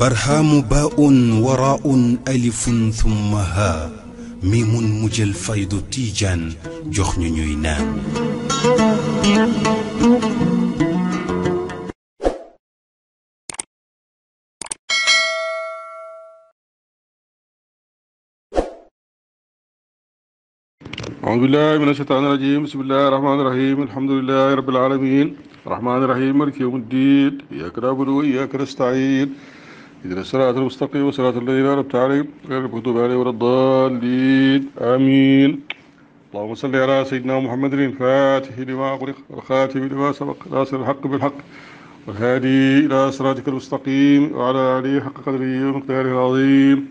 برهام باء وراء ألف ثم ها ميم مجل فيض تيجان جخن نينان أعوذ بالله من الشيطان الرجيم بسم الله الرحمن الرحيم الحمد لله رب العالمين الرحمن الرحيم مالك يوم الدين إياك نعبد وإياك نستعين إذن الصراط المستقيم وصراط الذين أنعمت عليهم غير المغضوب عليهم ولا الضالين آمين اللهم صل على سيدنا محمد الفاتح لما أغلق والخاتم لما سبق ناصر الحق بالحق والهادي إلى صراطك المستقيم وعلى آله حق قدره ومقداره العظيم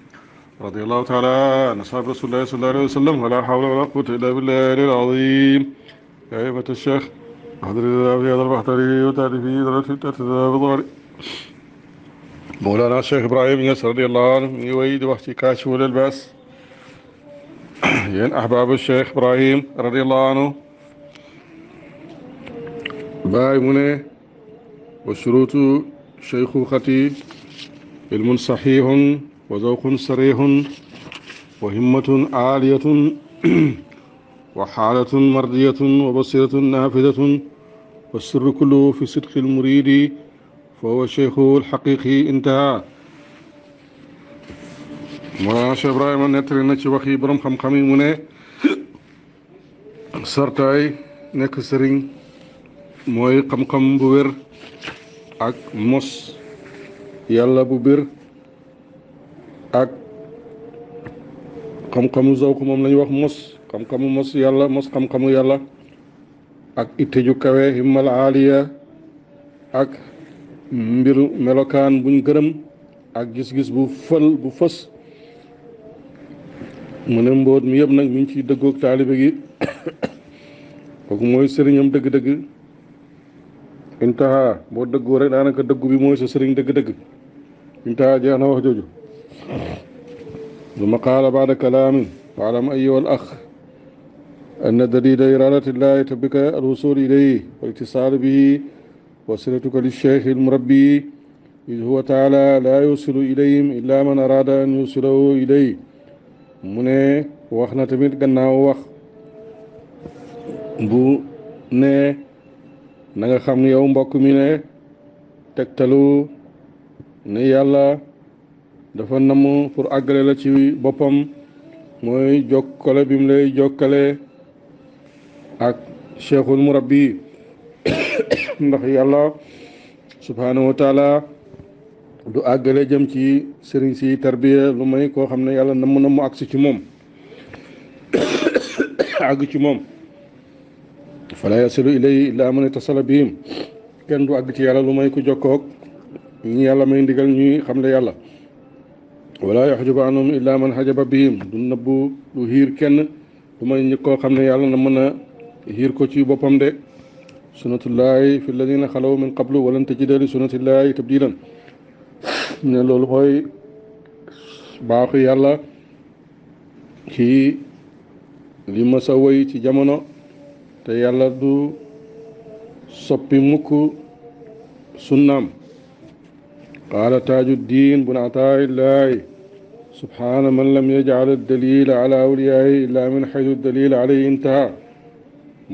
رضي الله تعالى عن أصحاب رسول الله صلى الله عليه وسلم ولا حول ولا قوة إلا بالله العظيم يا أيمة الشيخ أحضر لنا في هذا المحضر وتعرفي درجة التتابع بظهري مولانا الشيخ إبراهيم يس رضي الله عنه يويد كاشف الباس ين أحباب الشيخ إبراهيم رضي الله عنه باي مني وشروط شيخوختي علم صحيح وذوق صريح وهمة عالية وحالة مرضية وبصيرة نافذة والسر كله في صدق المريد فهو شيخه الحقيقي انتهى مولانا cheikh ibrahima nettali na ci waxi borom xam-xam yi mu ne sartaay nekk sëriñ mooy xam-xam bu wér ak mos yàlla bu bir ak xam-xamu zawk moom la ñuy wax mos xam-xamu mos yàlla mos xam-xamu yàlla ak itte ju kawe himmal aaliya ak mbiru melokaan buñ gërëm ak gis-gis bu fël bu fas mu ne mbóot mi yëpp nag mi ngi ciy dëggoog taalibe gi kooku mooy sëriñam dëgg-dëgg intaha boo dëggoo rek daanaka dëggu bi mooy sa sëriñ dëgg-dëgg intaha jeex na wax jooju duma qaala baada kalaamin waalam ayyuha al ax anna dalila iradati llahi tabbika alwusul ilayhi wa itisaal bihi وصلتك للشيخ المربي إذ هو تعالى لا يوصل إليهم إلا من أراد أن يوصله إليه من وخنا تميت غناو وخ bu ne na nga xam yow mbokk mi ne tegtalu ne yàlla dafa namm pour àggale la ci boppam mooy jokkale bi mu lay jokkale ak cheikhul murabbi ndax yàlla subhanahu wa taala du àggale jëm ci sëriñ si tarbiya lu may koo xam ne yàlla namm na mu agsi ci moom àgg ci moom fala yasilu ilay illa man itasala bihim kenn du àgg ci yàlla lu may ku jokkoog ñi yàlla may ndigal ñuy xam le yàlla wala yaxjuba anhum illa man xajaba bihim du nëbbu du hiir kenn du may koo xam ne yàlla na mën a hiir ko ci boppam de سنة الله في الذين خلوا من قبل ولن تجد لسنة الله تبديلا من loolu mooy baaxu yàlla ci li mas a woy ci jamono te yàlla du قال تاج الدين بن عطاء الله سبحان من لم يجعل الدليل على أوليائه إلا من حيث الدليل عليه انتهى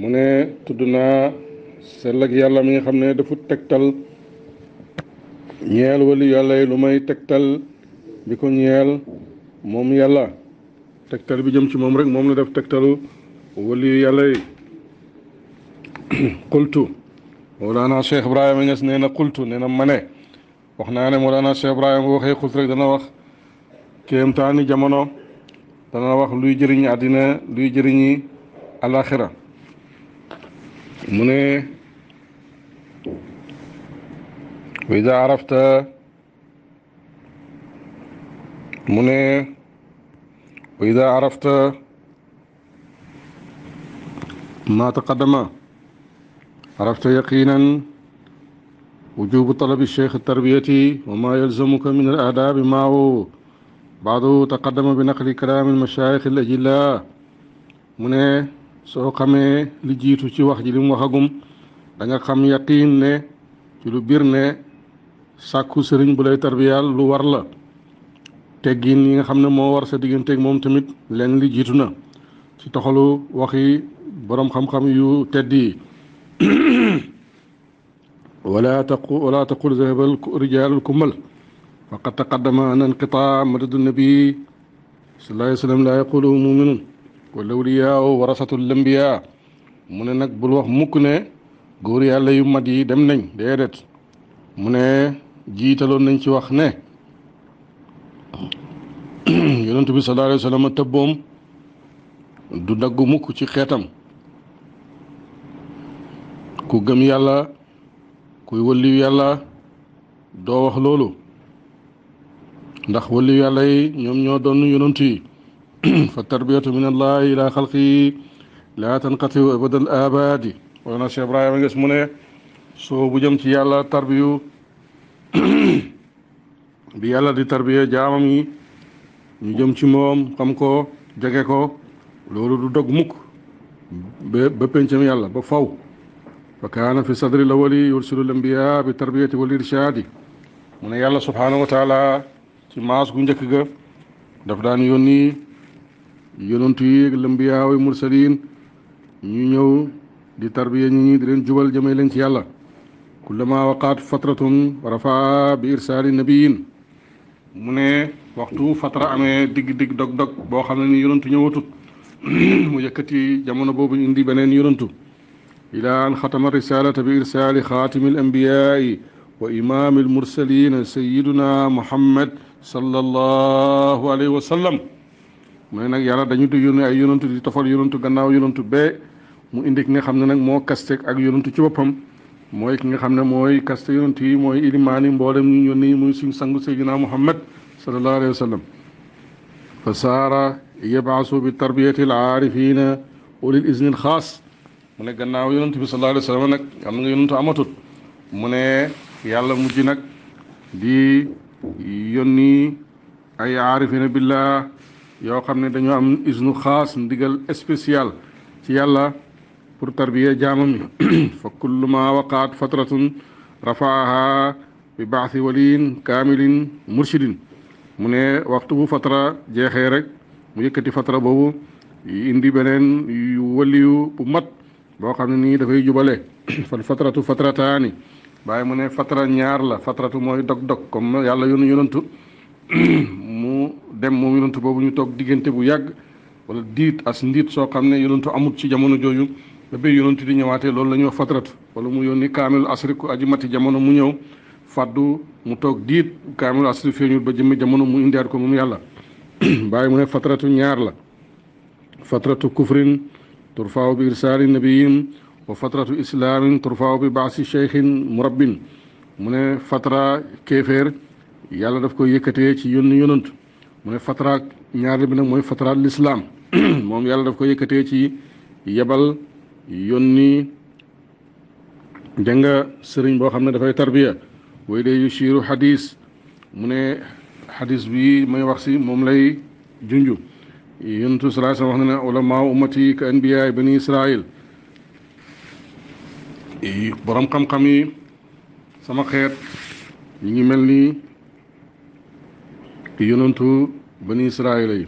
من تدنا sell ak yàlla mi nga xam ne dafa tegtal ñeel wali yàlla yi lu may tegtal bi ko ñeel moom yàlla tegtal bi jëm ci moom rek moom la def tegtalu wali yàlla yi qultu Mawlana Cheikh Ibrahima Niass nee na qultu nee na ma ne wax na ne moo Cheikh Ibrahima bu waxee qultu rek dana wax kéemtaani jamono dana wax luy jëriñ àddina luy jëriñi alaxira منى وإذا عرفت منى وإذا عرفت ما تقدم عرفت يقينا وجوب طلب الشيخ التربية وما يلزمك من الآداب معه بعضه تقدم بنقل كلام المشايخ الأجلاء منه soo xamee li jiitu ci wax ji li mu waxagum danga xam yaqiin ne ci lu biir ne sàkku sëriñ bu lay tarbiyaal lu war la teggin yi nga xam ne moo war sa digganteeg moom tamit leen li jiitu na ci toxalu waxi boroom xam-xam yu tedd yi wala taqu wala taqul zahabal rijaalul kummal faqad taqaddama an inqitaa madadu nabi sallallahu alayhi wa sallam laa yaquluhu muminun wala awliyaaw warasatul lambiyaa mu ne nag bul wax mukk ne góor yàlla yu mat yi dem nañ déedéet mu ne jiitaloon nañ ci wax ne yonentu bi sallallahu alayhi wa sallam tëbboom du daggu mukk ci xeetam ku gëm yàlla kuy wëlliw yàlla doo wax loolu ndax wëlliw yàlla yi ñoom ñoo doon yonent yi فالتربية من الله إلى خلقه لا تنقطع أبد الآباد وأنا شيخ إبراهيم اسمه سو بجم تي يالا تربيو bi yàlla di tarbiya jaamam yi ñu jëm ci moom xam ko jege ko loolu du dog mukk ba ba pencam yàlla ba faw fa kaana fi sadri la wali yursilu lambiya bi tarbiyati wal irshadi mu ne yàlla subhanahu wa taala ci maas gu njëkk ga daf daan yónni yonantu yi ak lëmbiyaaw mursaliin ñu ñëw di tarbiya ñi ñi di leen jubal jëmee leen ci yàlla kullama waqaat fatratun rafa bi irsaali nabiyin mu ne waxtu fatra amee digg digg dog dog boo xam ne ni yonantu ñëwatut mu yëkkati jamono boobu indi beneen yonantu ila an xatama risalata bi irsaali xaatimi al anbiyaai wa imaami al mursalina sayiduna muhammad sallallahu alayhi wa sallam mu ne nag yàlla dañu di yónni ay yonantu di tofal yonantu gannaaw yonantu bee mu indi ki nga xam ne nag moo kaste ak yonantu ci boppam mooy ki nga xam ne mooy kaste yonantu yi mooy ilimaani mboolem ñu yónni muy suñ sangu sayyidina muhammad sallallahu alayhi wa sallam fa saara yabaasu bi tarbiyati al aarifina ulil izni al mu ne gannaaw yonantu bi sallallahu alayhi wa sallam nag am nga yonantu amatut mu ne yàlla mujji nag di yónni ay aarifina billah yoo xam ne dañoo am isnu xaas ndigal spécial ci yàlla pour tarbiya jaamam yi fa kullu ma waqaat fatratun rafaaha bi baaxi waliin kaamilin mursidin mu ne waxtu bu fatra jeexee rek mu yëkkati fatra bobu indi beneen yu waliyu bu boo xam ne nii dafay jubale fal fatratu fatrataani bàyyi mu ne fatra ñaar la fatratu mooy dog dog comme yàlla yoonu yonantu dem moom yonantu boobu ñu toog diggante bu yàgg wala diit as ndiit soo xam ne yonantu amut ci jamono jooju ba bay yonantu di ñëwaatee loolu la ñuy wax fatratu wala mu yónni kaamilu asri ku aji mati jamono mu ñëw faddu mu toog diit kaamilu asri feeñul ba jëmmi jamono mu indiaat ko moom yàlla bàyyi mu ne fatratu ñaar la fatratu kufrin turfaaw bi irsaali nabiyin wa fatratu islaamin turfaaw bi baasi cheikhin murabbin mu ne fatra kéeféer yàlla daf ko yëkkatee ci yónni yonantu mooy fatraak ñaareel bi nag mooy fatraat lislaam moom yàlla daf ko yëkkatee ci yebal yónni dégg nga sëriñ boo xam ne dafay tarbiya way dee yu siiru xadis mu ne xadis bii may wax si moom lay junju yonentu sallallahu alayhi wa sallam wax na ne ulamaa ummati ka anbiyaay bani israil borom xam-xam yi sama xeet ñu ngi mel nii yonantu bani israila yi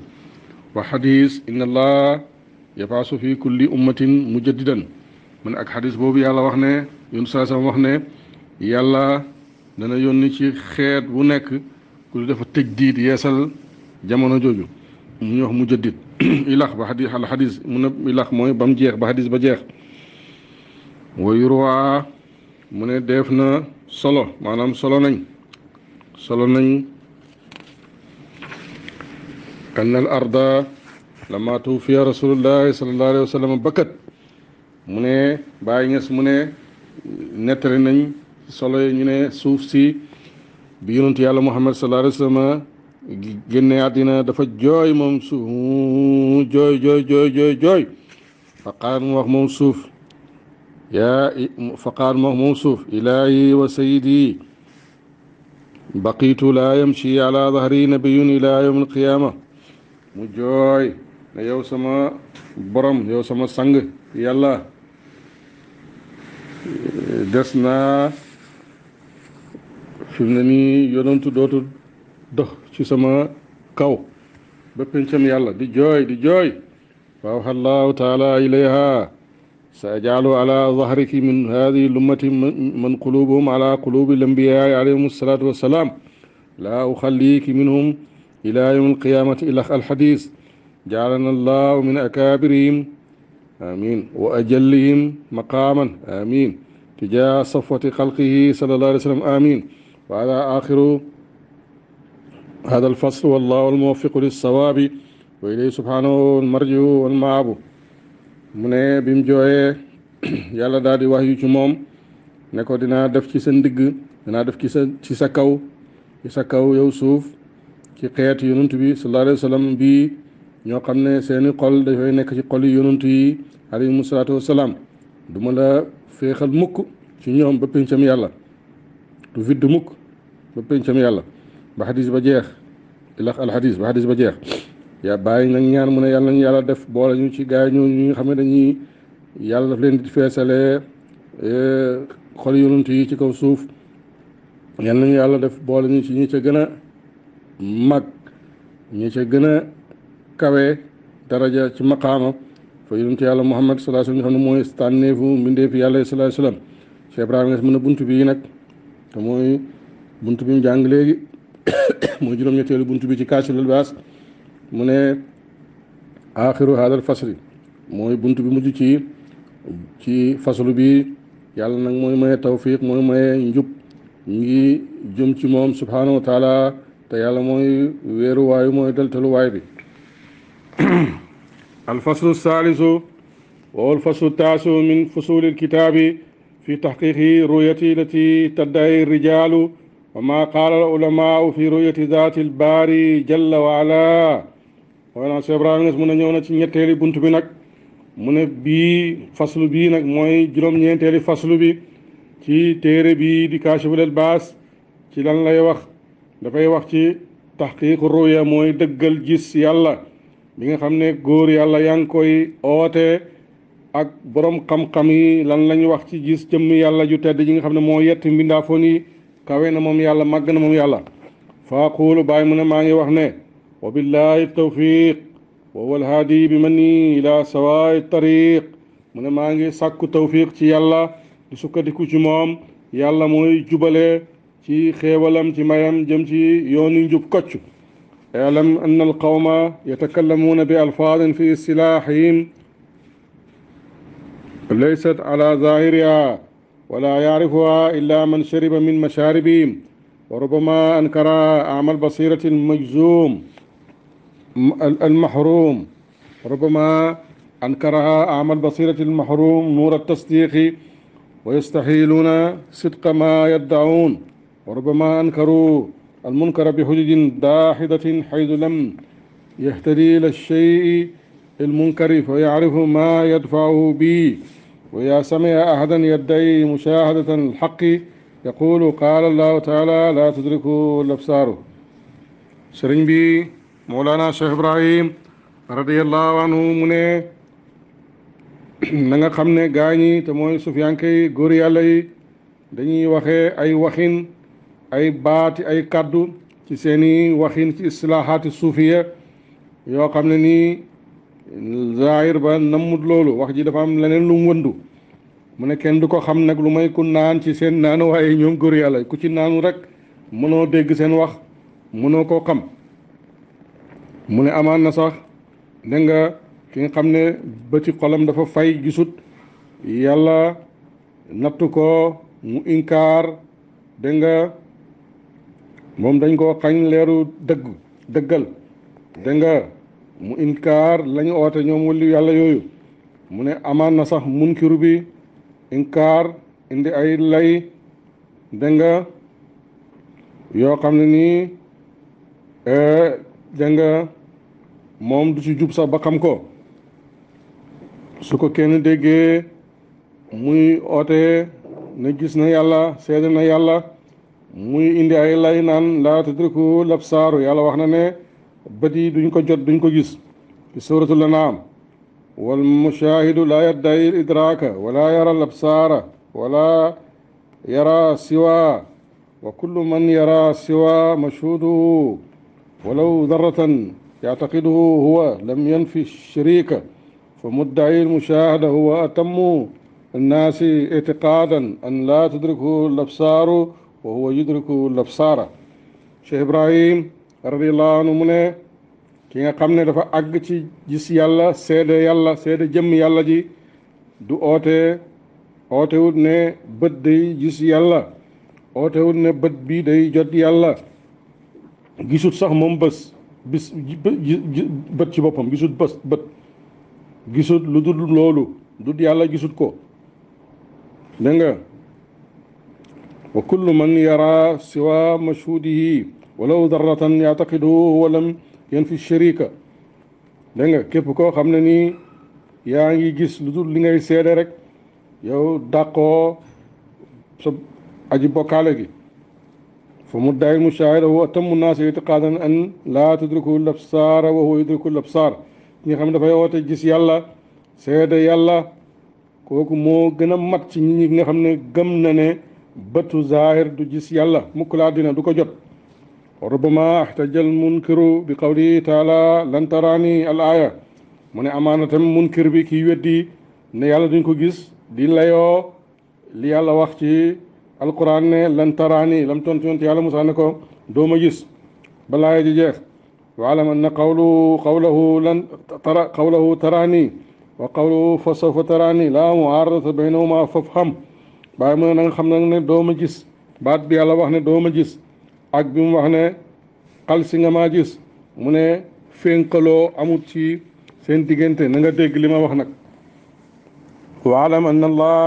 wa xadis inna allah yabaasu fi kulli ummatin mujaddidan man ak xadis boobu yàlla wax ne yon saa sama wax ne yàlla dana yónni ci xeet wu nekk ku dafa tëj diit yeesal jamono jooju ñu wax mujaddid ilax ba xadis al xadis mu ne ilax mooy bam jeex ba xadis ba jeex wa yurwa mu ne def na solo maanaam solo nañ solo nañ كان الأرض لما توفي رسول الله صلى الله عليه وسلم بكت من باي نس من نترن صلى ني سوف سي بيونت يالا محمد صلى الله عليه وسلم جن ادنا دفا جوي موم سوف جوي جوي جوي جوي جوي فقال موخ موم سوف يا فقال موخ موم سوف الهي وسيدي بقيت لا يمشي على ظهري نبي الى يوم القيامه mu jooy ne yow sama borom yow sama sang yàlla des naa fi mu ne nii yonantu dootu dox ci sama kaw ba pencam yàlla di jooy di jooy فأوحى الله تعالى إليها سأجعل على ظهرك من هذه الأمة من قلوبهم على قلوب الأنبياء عليهم الصلاة والسلام لا أخليك منهم إلى يوم القيامة إلى الحديث جعلنا الله من أكابرهم آمين وأجلهم مقاما آمين تجاه صفوة خلقه صلى الله عليه وسلم آمين وعلى آخر هذا الفصل والله الموفق للصواب وإليه سبحانه المرجع والمعاب من بيم جوي mu jooyee وحي daal di wax yu ci moom ne ko dinaa def ci sa ndigg dinaa def ci ci xeetu yonent bi sallallahu alayhi wa bii ñoo xam ne seeni xol dafay nekk ci xol yi yonent yi alayhimu salaatu wasalaam du ma la féexal mukk ci ñoom ba pencam yàlla du vidd mukk ba pencam yàlla ba xadis ba jeex ilax alxadis ba xadis ba jeex yaa bàyyi nag ñaar mu ne yàlla yàlla def boole ñu ci gaay ñoo ñu nga xam ne dañuy yàlla daf leen di feesalee xol yonent yi ci kaw suuf yàlla nañu yàlla def boole ñu ci ñi ca gën mag ñi ca gën a kawe daraja ci maqaama fa yonentu yàlla muhammad sallallahu alayhi wa sallam mooy tànneefu mbindeefu yàlla sallallahu alayhi wa sallam Cheikh Ibrahima mën a buntu bii nag te mooy buntu bi mu jàng léegi mooy juróom-ñetteelu buntu bi ci Kaashiful Ilbaas mu ne aaxiru haadal fasli mooy bunt bi mujj ci ci faslu bi yàlla nag mooy maye tawfiq mooy maye njub ngi jëm ci moom subhaanahu تيالا موي ويرو واي موي دلتلو واي بي الفصل الثالث وهو الفصل التاسع من فصول الكتاب في تحقيق رؤية التي تدعي الرجال وما قال العلماء في رؤية ذات الباري جل وعلا وانا سيبراه ناس من نيونا تي نيتيلي بونت بي نك من بي فصل بي نك موي جروم نيتيلي فصل بي تي تيري بي دي كاشف الباس تي لان لاي وخ dafay wax ci taxqiiqu ruya mooy dëggal gis yàlla bi nga xam ne góor yàlla yaa ngi koy oote ak boroom xam-xam yi lan lañuy wax ci gis jëmm yàlla ju tedd ji nga xam ne moo yett mbindaafoon nii kawe na moom yàlla màgg na moom yàlla faaquulu bàyyi mu ne maa ngi wax ne wa billahi tawfiq wa huwa alhaadi bi man ni ila sawaay tariq mu ne maa ngi sàkku tawfiq ci yàlla di sukkandiku ci moom yàlla mooy jubale ci xéewalam ci mayam jëm ci yoonu njub kocc اعلم أن القوم يتكلمون بألفاظ في سلاحهم ليست على ظاهرها ولا يعرفها إلا من شرب من مشاربهم وربما أنكر أعمى بصيرة المجزوم المحروم ربما أنكرها أعمى بصيرة المحروم نور التصديق ويستحيلون صدق ما يدعون وربما أنكروا المنكر بحجج داحضة حيث لم يهتدي إلى الشيء المنكر فيعرف ما يدفعه به ويا سمع أحدا يدعي مشاهدة الحق يقول قال الله تعالى لا تدركه الأبصار بي مولانا شيخ إبراهيم رضي الله عنه منه na nga xam ne gaa ñi te mooy sufiyànke yi góor yàlla yi dañuy ay waxin ay baati ay kàddu ci seeni waxin ci islaahaati suufiya yoo xam ne nii zaahir ba nammut loolu wax ji dafa am leneen lu mu wëndu mu ne kenn du ko xam nag lu may ku naan ci seen naanu waaye ñoom góor yàlla ku ci naanu rek mënoo dégg seen wax mënoo koo xam mu ne amaan na sax dégg nga ki nga xam ne ba ci xolam dafa fay gisut yàlla nattu ko mu inkaar dégg moom dañ koo xañ leeru dëggu dëggal dégg nga mu inkaar lañu oote ñoom wëllu yàlla yooyu mu ne amaan na sax munkiru bi inkaar indi ay lay dégg yoo xam ne nii eh, dégg moom du si jub sax ba xam ko su ko kenn déggee muy oote na gis na yàlla seede na yàlla muy indi ay lay naan laa tudriku labsaaru yàlla wax na ne bët yi duñ ko jot duñ ko gis ci suratul anaam wal mushaahidu laa yaddayi idraaka wala yara labsaara wala yara siwa wa kullu man yara siwa mashhuuduhu walaw daratan يعتقده هو لم ينفي الشريك فمدعي المشاهدة هو أتم الناس اعتقادا أن لا تدركه الأبصار वह यदरकुलबसारा Cheikh Ibrahim radiyallahu anhu mu ne ki nga xam ne dafa àgg ci gis yàlla seede yàlla seede jëmm yàlla ji du oote ootewut ne bët day gis yàlla ootewut ne bët bi day jot yàlla gisut sax moom bës bis bët ci boppam gisut bës bët gisut lu dul loolu dut yàlla gisut ko dégg nga وكل من يرى سوى مشهوده ولو ذرة يعتقده ولم ينفي الشريك دنگا كيف كو خمنا ني يعني جيس لدول لنغي سيدرك يو داقو سب عجي بوكالك فمدعي المشاهد هو أتم الناس اعتقادا أن لا تدركه الأبصار وهو يدرك الأبصار ني خمنا فيو تجيس يالا سيدر يالا كوكو مو جنا مات ني خمنا جمنا ني bëtu zahir du gis yàlla mukk laa dina du ko jot rubbama ahtajal munkiru bi qawli taala lan taraani al aaya mu ne amaana tam munkir bi kii weddi ne yàlla duñ ko gis di layoo li yàlla wax ci alquran ne lan taraani lam tontu yonte yàlla musaa ne ko dooma gis balaaya ji jeex waalam anna qawlu qawlahu lan tara qawlahu taraani wa qawlu fa sawfa taraani laa muaaradata baynahuma fafham bàyyi mu ne nga xam nag ne doo ma gis baat bi yàlla wax ne doo ma gis ak bi mu wax ne xal si nga maa gis mu ne fénkaloo amut ci seen diggante na nga dégg li ma wax nag waalam an allah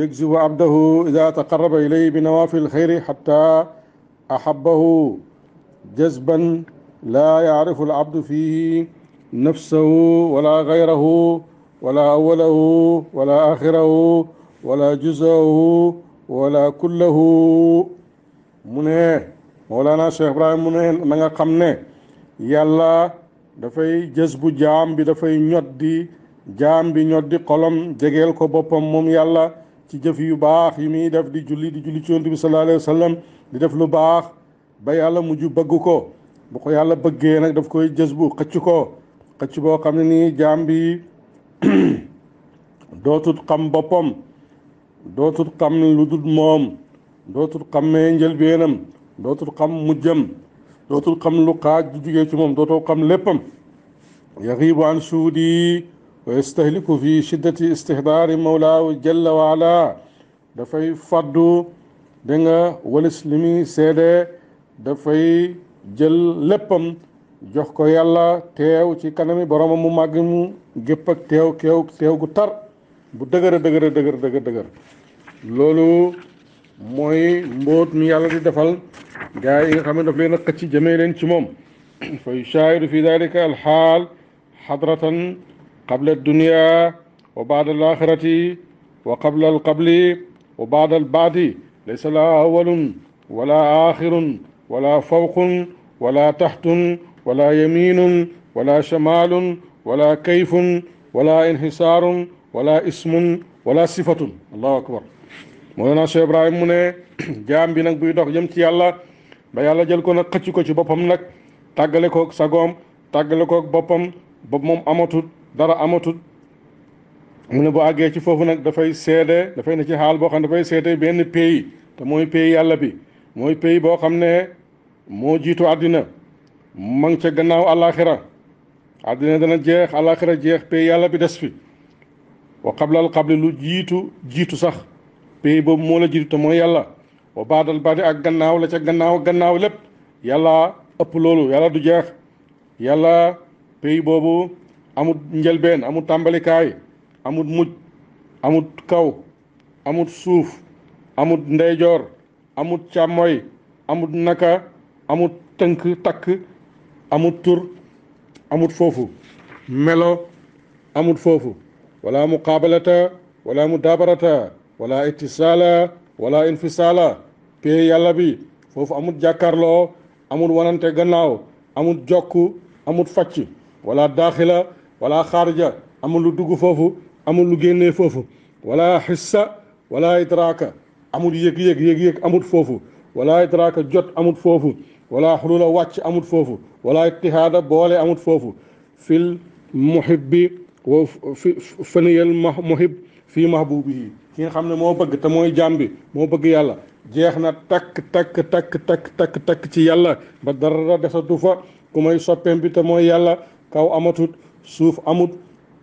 يجزب عبده إذا تقرب إليه بنوافل الخير حتى أحبه جذبا لا يعرف العبد فيه نفسه wala غيره ولا أوله ولا آخره wala juzaahu wala kullahu mu ne Mawlana Cheikh Ibrahim mu ne na nga xam ne yàlla dafay jës bu jaam bi dafay ñot di jaam bi ñot di xolom jegeel ko boppam moom yàlla ci jëf yu baax yi muy def di julli di julli ci yonent bi sallallahu alayhi di def lu baax ba yàlla mujj bëgg ko bu ko yàlla bëggee nag daf koy jës bu xëcc ko xëcc boo xam ne nii jaam bi dootut xam boppam dootul xam lu dul moom dootul xammee njëlbeenam dootul xam mujjam dootul xam lu xaaj du jugee ci moom dootoo xam léppam yaxiibu an suudi wa yastahliku fi shiddati istihdaari mawlaahu jalla wa dafay faddu da nga walis li muy seede dafay jël léppam jox ko yàlla teew ci kanami boromam mu màgg mu gépp teew keew teew gu tar bu dëgër a dëgër a dëgër dëgër dëgër loolu mooy mbóot mi yàlla di defal gaa yi nga xam ne daf leen a xëcc jëmee leen ci moom fa yushaahidu fi dalika alxaal xadratan qabla dunia wa baada al axirati wa qabla al qabli wa baada al baadi laysa la awalun wala axirun wala fawqun wala taxtun wala yaminun wala shamalun wala kayfun wala inhisaarun wala ismun wala sifatun allahu akbar Mawlana Cheikh Ibrahim mu ne jaam bi nag buy dox jëm ci yàlla ba yàlla jël ko nag xëcc ko ci boppam nag tàggale koog sagoom tàggale koog boppam bopp moom amatut dara amatut mu ne boo àggee ci foofu nag dafay seede dafay ne ci xaal boo xam ne dafay seede benn pays te mooy pays yàlla bi mooy pays boo xam ne moo jiitu àddina ma ngi ca gannaaw àllaaxira àddina dana jeex àllaaxira jeex pays yàlla bi des fi wa qablal qabli lu jiitu jiitu sax pays boobu moo la jiitu te mooy yàlla wa baadal baadi ak gannaaw la ca gannaaw gannaaw lépp yàlla ëpp loolu yàlla du jeex yàlla pays boobu amut njëlbeen amut tàmbalikaay amut mujj amut kaw amut suuf amut ndeyjoor amut càmmooy amut naka amut tënk takk amut tur amut foofu melo amut foofu ولا مقابلة ولا مدابرة ولا اتصال ولا انفصال بي يالا بي فوف امود جاكارلو امود وانانتي غناو امود جوكو امود فاتي ولا داخل ولا خارج امود لو دوغ فوفو امود لو غيني فوفو ولا حس ولا ادراك امود ييك ييك ييك ييك امود فوفو ولا ادراك جوت امود فوفو ولا حلول واتش امود فوفو ولا اتحاد بولي امود فوفو في المحب wa fi faniyal ma muhib fii mahbubihi ki nga xam ne moo bëgg te mooy jaam bi moo bëgg yàlla jeex na takk takk takk takk takk takk ci yàlla ba dara desatu fa ku may soppeem bi te mooy yàlla kaw amatut suuf amut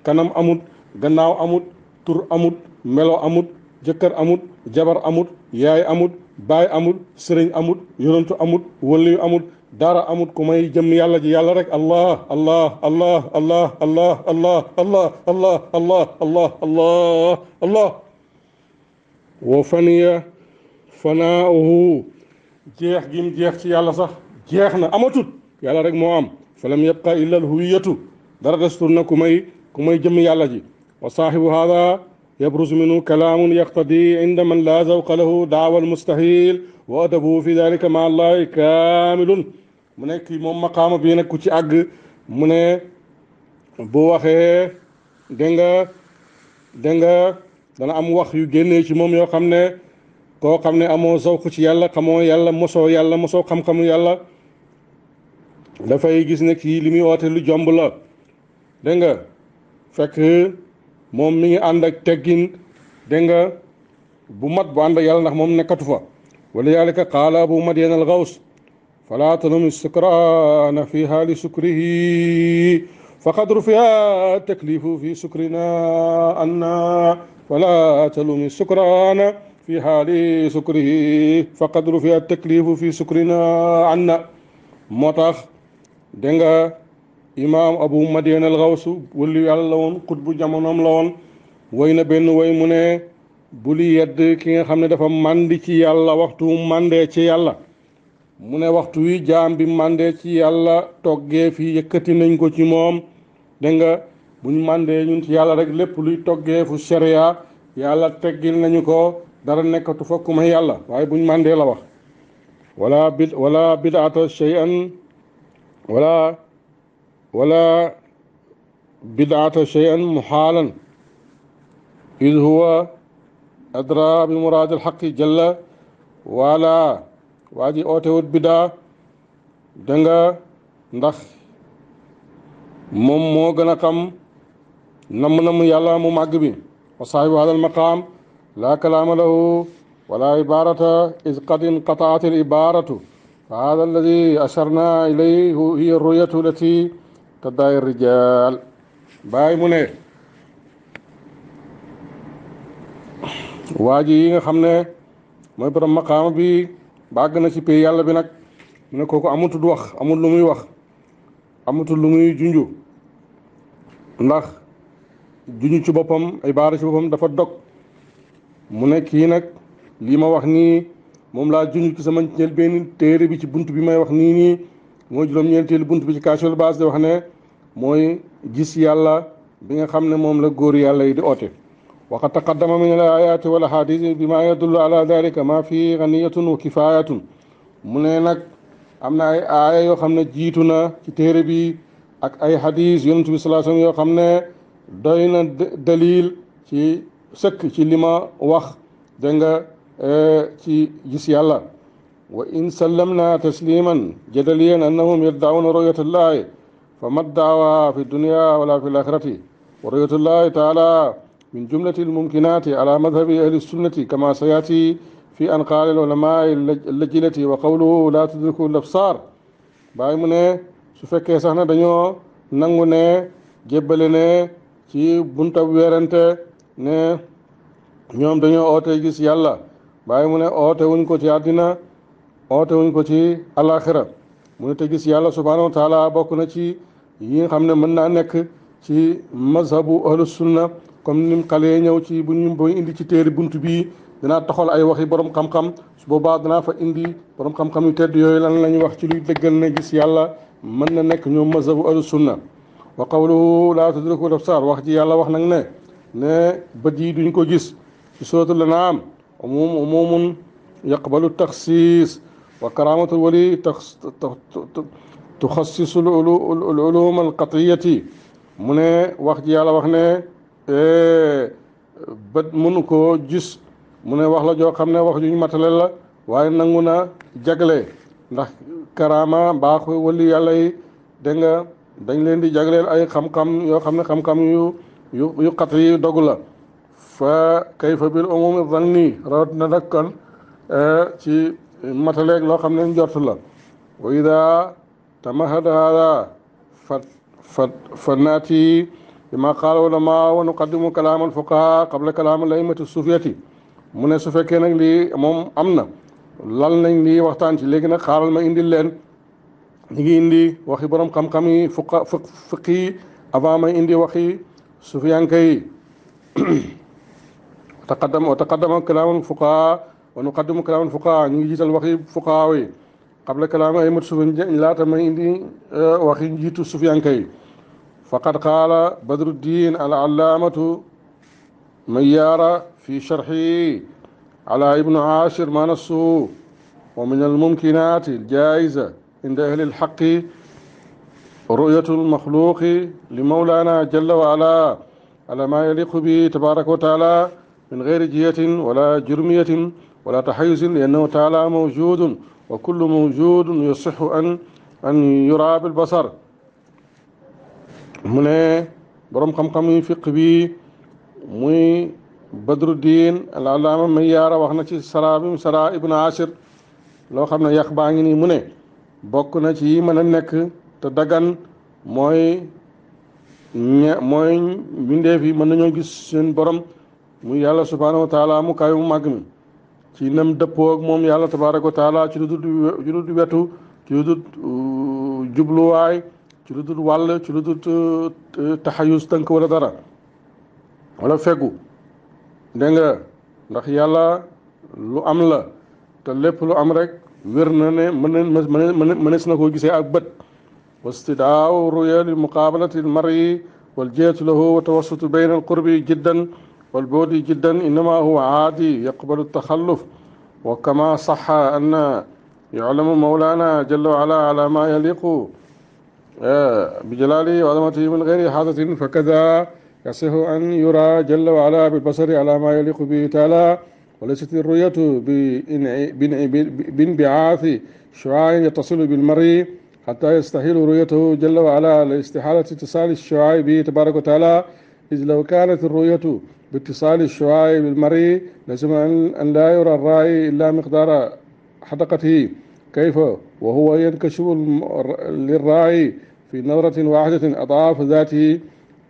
kanam amut gannaaw amut tur amut melo amut jëkkër amut jabar amut yaay amut baay amut sëriñ amut yonantu amut wëliyu amut دار أمود كماي جم يلا جي يلا رك الله الله الله الله الله الله الله الله الله الله الله الله وفنيا فناؤه جيح جيم جيح تي يلا صح جيحنا أمود يلا رك موام فلم يبقى إلا الهوية دار دستورنا كماي كماي جم يلا جي وصاحب هذا يبرز منه كلام يقتضي عند من لا ذوق له دعوى المستحيل wa adabu fi dalika ma allahi kaamilun mu nekk moom maqaama bi nag ku ci àgg mu ne bu waxee dégg nga dana am wax yu génnee ci moom yoo xam ne koo xam ne amoo zawq ci yàlla xamoo yàlla mosoo yàlla mosoo xam-xamu yàlla dafay gis ne kii li muy woote lu jomb la dégg nga fekk moom mi ànd ak teggin dégg nga bu mat bu ànd ak yàlla ndax moom nekkatu fa ولذلك قال أبو مدين الغوص فلا تنم السكران فيها لسكره فقد رفع التكليف في سكرنا أنا فلا تلوم السكران في حال سكره فقد رفع التكليف في سكرنا عنا مطخ tax امام ابو مدين الغوص ولي al gawsu wëllu لون وين بن وين jamonoom bul yedd ki nga xam ne dafa màndi ci yàlla waxtu mu màndee ci yàlla mu ne waxtu wi jaam bi màndee ci yàlla toggee fi yëkkati nañ ko ci moom dégg nga buñ màndee ñun ci yàlla rek lépp luy toggee fu sharia yàlla teggil nañu ko dara nekkatu fokk ma yàlla waaye buñ màndee la wax wala bid wala bidaata shay'an wala wala bidaata shay'an muhaalan id huwa أدرى بمراد الحق جل ولا وادي أوتي ود بدا دنغا ندخ مم خم نم نم يالا ممعقبي وصاحب هذا المقام لا كلام له ولا عبارة إذ قد انقطعت العبارة فهذا الذي أشرنا إليه هي الرؤية التي تدعي الرجال باي منير waa ji yi nga xam ne mooy borom maqaama bi bàgg na ci pay yàlla bi nag mu ne kooku amutul wax amul lu muy wax amutul lu muy junju ndax junju ci boppam ay baara ci boppam dafa dog mu nekk kii nag lii ma wax nii moom laa junj ci sama ñeel benn téere bi ci bunt bi may wax nii nii mooy juróom-ñeenteelu bunt bi ci Kaashiful Baas di wax ne mooy gis yàlla bi nga xam ne moom la góor yàlla yi di oote وقد تقدم من الآيات والأحاديث بما يدل على ذلك ما فيه غنية وكفاية من هناك أمنا أي آية يخمنا جيتنا كتير بي أك أي حديث ينتو صلى الله عليه وسلم يخمنا دين دليل في سك كي لما وخ دنگا كي آه، جسي الله وإن سلمنا تسليما جدليا أنهم يدعون رؤية الله فما الدعوة في الدنيا ولا في الآخرة ورؤية الله تعالى من جملة الممكنات على مذهب أهل السنة كما سيأتي في أنقال العلماء اللجلة وقوله لا تدرك الأبصار bàyyi mu ne su fekkee sax na dañoo nangu ne jébbale ne ci bunta weerante ne ñoom dañoo oote gis yàlla bàyyi mu ne oote wuñ ko ci àddina oote wuñ ko ci alaxira mu ne te gis yàlla subhanahu wa bokk na ci yi nga xam ne mën naa nekk ci mazhabu ahlu sunna comme ni mu xalee ñëw ci bu ñu boy indi ci téere buntu bii danaa toxal ay waxi borom xam-xam su boobaa danaa fa indi borom xam-xam yu tedd yooyu lan lañu wax ci luy dëggal ne gis yàlla mën na nekk ñoom mazhabu ahlu sunna wa qawluhu laa tudriku al-absaar wax ji yàlla wax nag ne ne bët yi duñ ko gis ci suratul anaam umum umumun yaqbalu taxsiis wa karaamatul wali tax al-ulum al-qat'iyati mu wax ji yàlla wax ne Eh, bët mënu ko jis mu ne wax la joo xam ne wax juñ matale la waaye nangu na jagle ndax karaama baax wali yàlla yi dégg nga dañ leen di jagleel ay xam-xam yoo xam ne xam yu yu yu xat yi dogu la fa kayfa bil umum zan nii rawat na nag eh, ci mataleeg loo xam ne njort la wa ida tamahada hada fa fa naati bima qaala ulama wa nuqaddimu kalaam al fuqaha qabla kalaam al aimati sufiyati mu ne su fekkee nag lii moom am na lal nañ lii waxtaan ci léegi nag xaaral ma indil leen ñu ngi indi waxi borom xam-xam yi fuqa fiq yi avant may indi waxi sufiyanke yi taqaddama wa taqaddama kalaamul fuqaha wa nuqaddimu kalaamul fuqaha ñu ngi jiital waxi fuqaha yi qabla kalaam ay mat sufi laata may indi euh, waxi njiitu sufiyanke yi فقد قال بدر الدين العلامة ميار في شرحه على ابن عاشر ما نصه ومن الممكنات الجائزة عند أهل الحق رؤية المخلوق لمولانا جل وعلا على ما يليق به تبارك وتعالى من غير جهة ولا جرمية ولا تحيز لأنه تعالى موجود وكل موجود يصح أن أن يرى بالبصر mu ne boroom xam-xam yi fiq bi muy badruddin alaama mayaara wax na ci sara bi sara ibnu asir loo xam ne yàq baa ngi nii mu ne bokk na ci yi mën a nekk te daggan mooy mooy mbindeef yi mën nañoo gis seen borom muy yàlla subhanahu wa taala mu kayu mu màgg mi ci nam dëppoog moom yàlla tabaraka wa taala ci lu dul ci lu dul wetu ci lu uh, jubluwaay تلدود والله تلدود تحيوس تنك ولا دارا ولا فيكو دنجا نخيالا لو أملا تلف لو أمرك ويرنا من من من من من سنكو جيسي أكبت واستدعاء رؤيا لمقابلة المرء والجهة له وتوسط بين القرب جدا والبعد جدا إنما هو عادي يقبل التخلف وكما صح أن يعلم مولانا جل وعلا على ما يليق آه، بجلاله وعظمته من غير إحاطة فكذا يصح أن يرى جل وعلا بالبصر على ما يليق به تعالى وليست الرؤية بانبعاث شعاع يتصل بالمرء حتى يستحيل رؤيته جل وعلا لاستحالة اتصال الشعاع به تبارك وتعالى إذ لو كانت الرؤية باتصال الشعاع بالمرء لزم أن لا يرى الرأي إلا مقدار حدقته كيف وهو ينكشف للراعي في نظرة واحدة أضعاف ذاته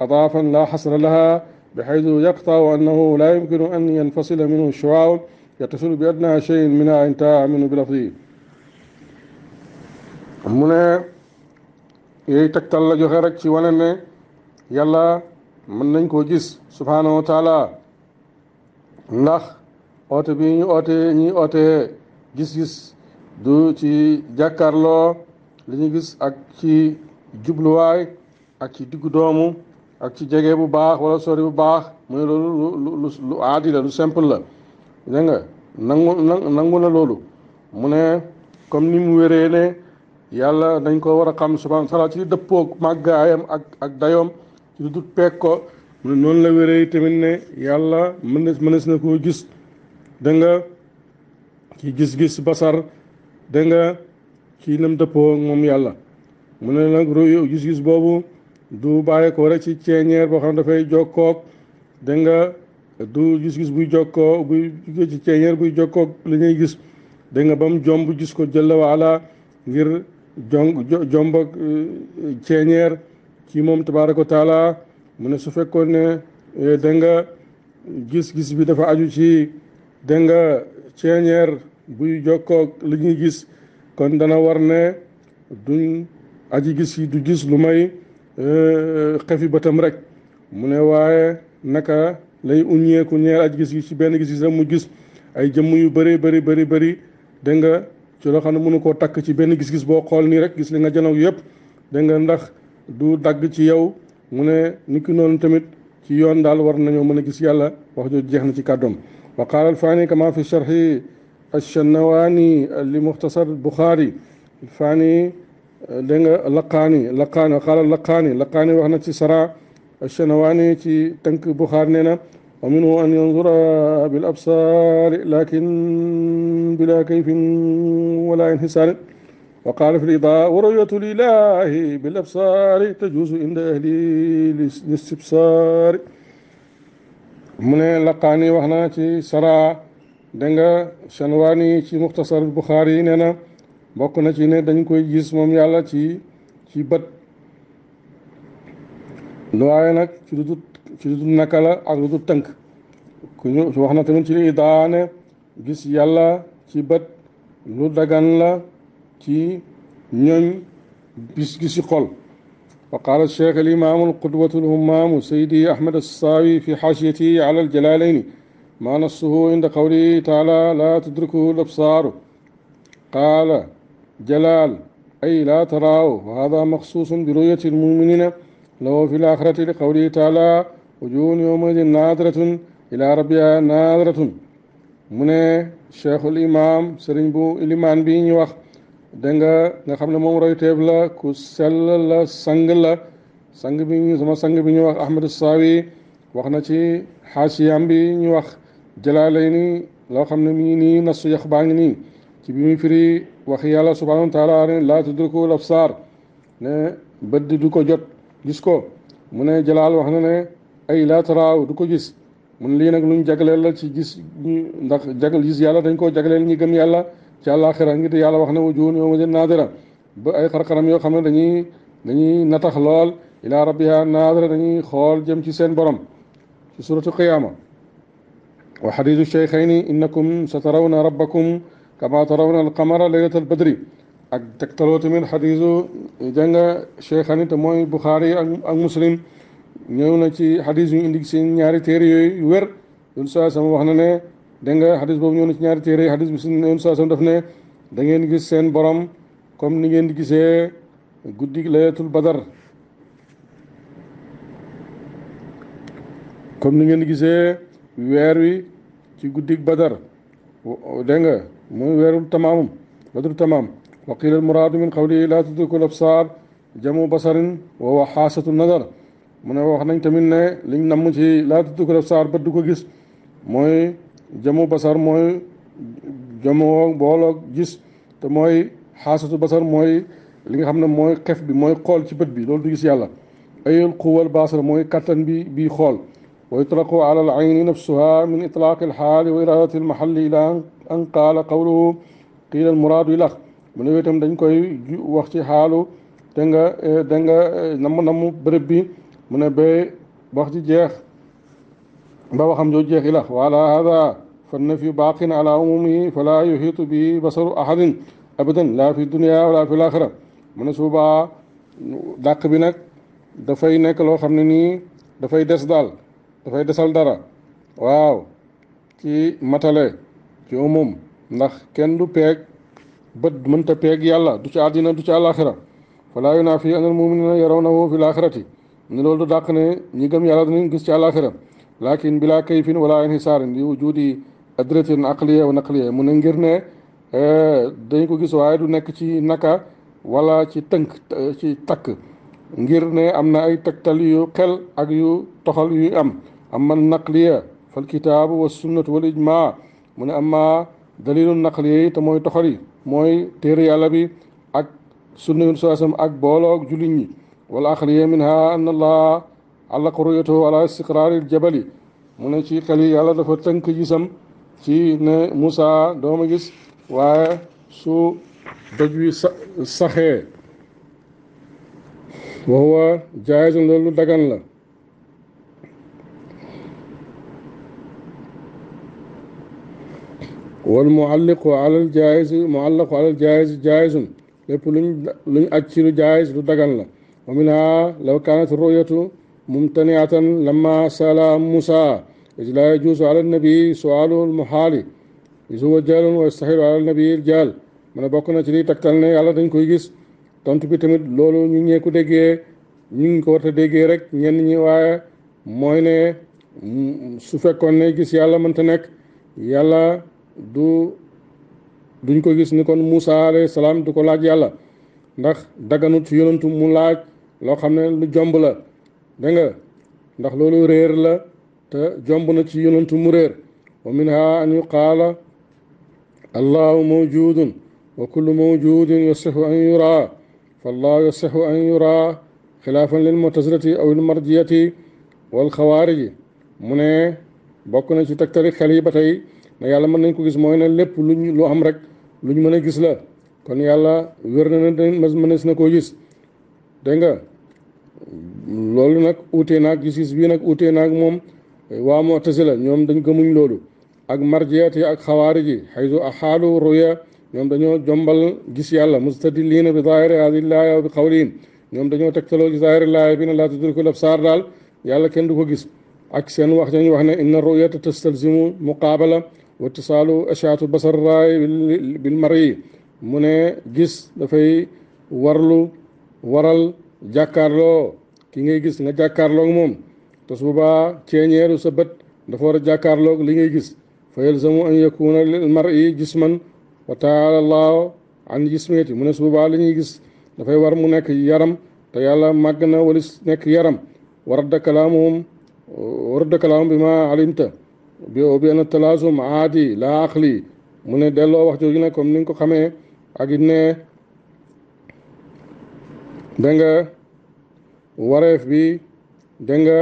أضعافا لا حصر لها بحيث يقطع أنه لا يمكن أن ينفصل منه الشعاع يتصل بأدنى شيء منها انتهى منه بلفظه من يتكتل إيه جهرك شوانا يلا من ننكو جس سبحانه وتعالى نخ mën nañ koo gis subhanahu wa taala du ci jàkkaarloo li ñu gis ak ci jubluwaay ak ci diggu doomu ak ci jege bu baax wala sori bu baax mu ne loolu lu lu lu la lu simple la dégg nangu na loolu mu ne comme ni mu wéree ne yàlla dañ ko war a xam subhaanahu wa taala ci dëppoog màggaayam ak ak dayoom ci du dut peeg ko mu ne noonu la wéree tamit ne yàlla mënees mënees na koo gis dégg nga ci gis-gis basar dégg nga ci nam dëppoo moom yàlla mu ne nag ru gis-gis boobu du bàyyi ko rek ci ceeñeer boo xam ne dafay jokkook dégg nga du gis-gis buy jokkoo buy jóge ci ceeñeer buy gis dégg nga ba mu jomb gis ko jëlla waala ngir jong jomb ak euh, ceeñeer ci moom tabaaraka taala mu ne su fekkoon ne euh, dégg nga gis-gis bi dafa aju ci dégg nga ceeñeer buy jokkook li ñuy gis kon dana war ne duñ aji gis yi du gis lu may euh, xefi bëtam rek mu ne waaye naka lay uññeeku ñeer aj gis yi ci benn gis-gis rek mu gis ay jëmm yu bëri bëri bëri bëri dégg nga ci loo xam ne mënu koo takk ci benn gis-gis boo xool nii rek gis li nga janoog yëpp dégg nga ndax du dagg ci yow mu ne ni noonu tamit ci yoon daal war nañoo mën a gis yàlla wax jooju jeex na ci kàddoom wa qaala alfaani kama fi الشنواني مختصر البخاري الفاني لقاني لقاني قال لقاني لقاني وحنا سرا الشنواني تي تنك بخار نينا ومنه أن ينظر بالأبصار لكن بلا كيف ولا انحسار وقال في الإضاءة ورؤية الإله بالأبصار تجوز عند أهل الاستبصار من لقاني وحنا سرا da nga Shanwani ci muxtasar Buxaari yi nee na bokk na ci ne dañ koy gis moom yàlla ci ci bët lu waaye nag ci lu dut la ak lu dut tënk ku ñu wax na tamit ci li daane gis yàlla ci bët lu dagan la ci ñooñ gis gisi xol wa qaala cheikh al imaamu al qudwatu al humaamu saydi ahmad assaawi fi xaasiyatihi ala al ما نصه عند قوله تعالى لا تدركه الأبصار قال جلال أي لا تراه وهذا مخصوص برؤية المؤمنين لو في الآخرة لقوله تعالى وجون يومئذ ناظرة إلى ربها ناظرة من شيخ الإمام سرين بو ilimaan bi ñu wax dégg nga nga xam ne moom roy teef la ku sell la sang la sang bi ñu sama sang bi jëlaa lay nii loo xam ne mi ngi nassu nasu yax baa ngi nii ci bi muy firi wax yàlla subhanahu wa taala ne laa tudriku labsaar ne bët du ko jot gis ko mu ne jalaal wax na ne ay laa taraaw du ko gis mun lii nag luñ jagleel la ci gis ndax jagal gis yàlla dañ koo jagleel ñi gëm yàlla ci àllaaxira ngir yàlla wax ne wujuhun yawma naadira ba ay xarxaram yoo xam ne dañuy dañuy natax lool ilaa rabbiha naadira dañuy xool jëm ci seen borom ci suratu qiyaama وحديث الشيخين إنكم سترون ربكم كما ترون القمر ليلة البدر ak tegtaloo tamit xadiisu jànga cheikhaani te mooy buxaari ak ak muslim ñëw na ci xadiis yu ñu indi seen ñaari téere yooyu wér yoonu saa sama wax na ne da nga xadiis boobu ñëw na ci ñaari téere yi xadiis bi si yoonu saa sama daf ne da ngeen gis seen borom comme ni ngeen di gisee guddi layatul badar comme ni ngeen di gisee weer wi ci guddig badar dégg nga muy weerul tamaamum badru tamaam wa qila al muraadu min qawlihi laa tudriku al absaar jamu basarin wa huwa xaasatu nazar mu ne wax nañ tamit ne liñ namm ci laa tudriku al absaar du ko gis mooy jamu basar mooy jamoo booloo gis te mooy xaasatu basar mooy li nga xam ne mooy xef bi mooy xool ci bët bi loolu du gis yàlla ayul quwal basar mooy kattan bi bi xool ويطلق على العين نفسها من إطلاق الحال وإرادة المحل إلى أن قال قوله قيل المراد لك من يتم itam وقت حاله wax ci نمو نمو بربي من بي وقت جيخ بابا خم جو جيخ ba وعلى هذا فالنفي باق على عمومه فلا يحيط به بصر أحد أبدا لا في الدنيا ولا في الآخرة من سوبا داق بنك دفاي نك لو خمني دفاي دس دال dafay desal dara waaw ci matale ci umum ndax kenn du peeg bët mënta peeg yàlla du ci àddina du ci àllaaxira falaa yunaafi anal muminina yarawnahu fil aaxirati ne loolu du dàq ne ñi gëm yàlla dinañ gis ci àllaaxira laakin bilaa kayfin wala inhisaarin li wujudi adratin aqliya wa naqliya mu ne ngir ne eh, dañ ko gis waaye du nekk ci naka walla ci tënk eh, ci takk ngir ne am na ay tal yu xel ak yu toxal yu am أما النقلية فالكتاب والسنة والإجماع من أما دليل النقلية تموي تخري موي تيري على بي أك سنة صلى أك بولوك جليني والأخرية منها أن الله على قريته على استقرار الجبل من شي خلي على دفتن كجسم شي موسى دومجس وي سو دجوي سخي وهو جائز لولو دقن له wal mualliqu alal jaayis muallaqu alal jaayis jaayisun lépp luñ luñ aj lu jaayis lu dagan la wa minha law kaanat ruyatu mumtaniatan lamma sala musa إذ لا يجوز على النبي سؤاله المحال إذ هو جال ويستحيل على na ci li tegtal ne yàlla dañ koy gis tontu bi tamit loolu ñu ñee déggee ñu ngi ko war a déggee rek ñenn ñi waaye mooy ne mm, su fekkoon ne gis yàlla mënta nekk yàlla du duñ ko gis ni kon Moussa alayhi salaam du ko laaj yàlla ndax daganut ci yonantu mu laaj loo xam ne lu jomb la da nga ndax loolu réer la te jomb na ci yonantu mu réer wa minha an yuqaala allahu mawjudun wa kullu mawjudin yasixu an yuraa فالله يصح أن يرى خلافا للمعتزلة أو المرجية والخوارج من بكنا تكتري خليبتي na yàlla mën nañ ko gis mooy ne lépp luñ lu xam rek lu ñu mën a gis la kon yàlla wér na ne mënees na koo gis dégg nga loolu nag uutee naag gis-gis bii nag uutee naag moom waa mu'tazila ñoom dañ gëmuñ loolu ak marjiyaat yi ak xawaarij yi xaysu axaalu ruya ñoom dañoo jombal gis yàlla mustadilliina bi zaahiri haadihi laaya wa bi qawlihim ñoom dañoo tegtaloo ci zaahiri laaya bi ne laa tudriku l-absaar daal yàlla kenn du ko gis ak seen wax dañuy wax ne inna ruyata mu muqaabala watisaalu ashaatu basarraay bil mari mu ne gis dafay warlu waral jàkkaarloo ki ngay gis nga jàkkaarloog moom te su boobaa ceeñeeru sa bët dafa war a jàkkaarloog li ngay gis fa yalzamu an yakuna lil mari jisman wa taala allahu an jismeeti mu ne su boobaa li ñuy gis dafay war mu nekk yaram te yàlla màgg na walis nekk yaram warada kalaamuhum warada kalaamu bi ma alimta bi oo bi ana talaasum aadi laa aqli mu ne delloo wax jooju nag comme ni nga ko xamee ak it ne da nga wareef bi da nga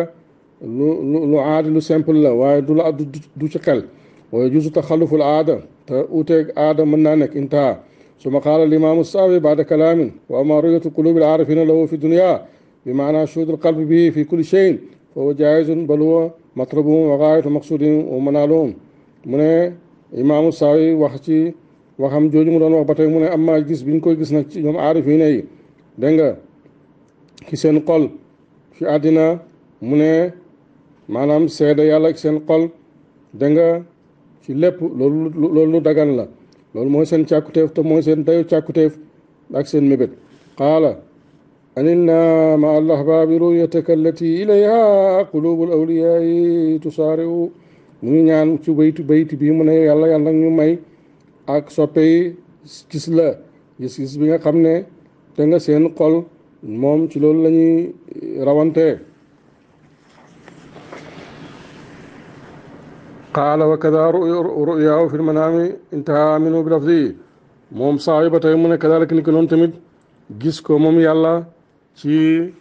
lu lu aadi lu simple la waaye du la du ci xel waaye jusu taxaluful aada te uuteeg aada mën naa nekk intaha ثم قال الإمام الساوي بعد كلام وأما رؤية القلوب العارفين له في الدنيا بمعنى شهود القلب به في كل شيء foo jaayizun bal huwa matlabum wa gaayatu maqsudin wa manaaluhum mu ne imaamu saawi wax ci waxam jooju mu doon wax ba tey mu ne am maa gis biñ koy gis na ci ñoom aarif yi ne yi nga ci seen xol fi àddina mu ne maanaam seede yàlla ci seen xol dégg nga ci lépp loolu loolu lu dagan la loolu mooy seen càkkutéef te mooy seen dayu càkkutéef ak seen mébét xaala أنلنا مع الأحباب رؤيتك التي إليها قلوب الأولياء تسارع mu ngi ñaan ci baytu baytu bii mu ne yàlla yàlla ñu may ak soppey gis la gis-gis bi nga xam ne te nga seen xol moom ci loolu la ñuy rawante qaala wa kada ru'yaahu fi lmanaami intaha minhu bi lafdi moom saahiba tey mu ne kadalika ni ko noonu tamit gis ko moom yàlla ci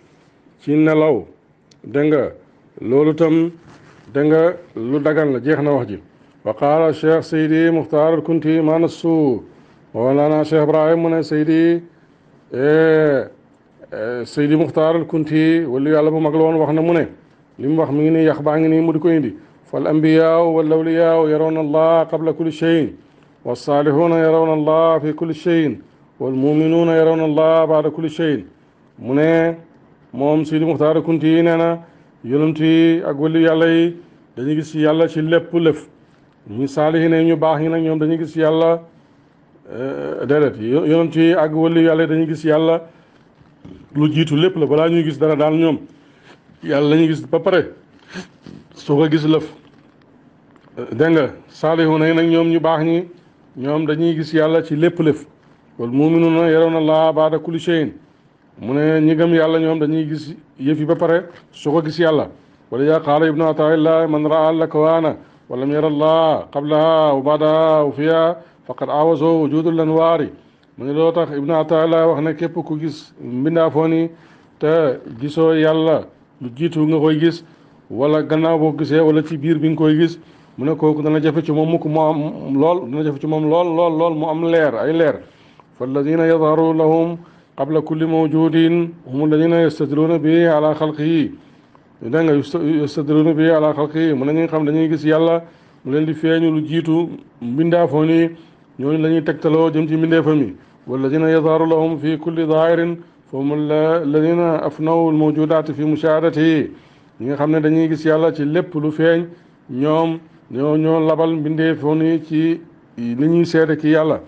ci nelaw de nga loolu tam de nga lu dagan la jeex na wax ji wa qala cheikh saydi muhtar al kunti maana wala na cheikh ibrahim mu ne eh saydi muhtar al kunti wala yàlla bu mag la wax na mu lim wax mi ngi ni yakh ba ngi ni mu di ko indi fal anbiya wal awliya yarawna allah qabla kulli cheyin والصالحون يرون الله في كل شيء والمؤمنون يرون الله بعد كل شيء mu ne moom Sidi Muxtaar Kunti yi nee na yonent yi ak wali yàlla yi dañu gis yàlla ci lépp lëf ñu saalihi ne ñu baax ñi nag ñoom dañu gis yàlla eh, déedéet yonent yi ak wali yi dañu gis yàlla lu jiitu lépp la balaa ñuy gis dara daal ñoom yàlla lañu gis ba pare soo ko gis lëf eh, dégg nga saalihu na nag ñoom ñu baax ñi ñoom dañuy gis yàlla ci lépp lëf wal muminuna yarawna laa baada kulli cheyin mu ne ñi gëm yàlla ñoom dañuy gis yëf yi ba pare su ko gis yàlla wala ya qaala ibnu ataillah man raa lakwaana walam yara allah qablaha wa baadaha wa fiha faqad awaso wujudu lanwaari mu ne loo tax ibnu ataillah wax ne képp ku gis mbindaafoon yi te gisoo yàlla lu jiitu nga koy gis wala gannaaw boo gisee wala ci biir bi nga koy gis mu ne kooku dana jafe ci moom mukk mu am lool dana jafe ci moom lool lool lool mu am leer ay leer fa alladina yadharu lahum qabla kulli mawjudin hum alladina yastadiluna bi ala xalqihi dégg nga yastadiluna bi ala xalqihi mu ñi nga xam dañuy gis yàlla mu leen di feeñu lu jiitu mbindaafoo ni ñooñu la ñuy tegtaloo jëm ci mbindeefam yi walladina yazharu lahum fi kulli daahirin fa hum alladina afnaw almawjudaati fi mushahadatihi ñi nga xam ne dañuy gis yàlla ci lépp lu feeñ ñoom ñoo ñoo labal mbindeefoo ni ci li ñuy seede ci yàlla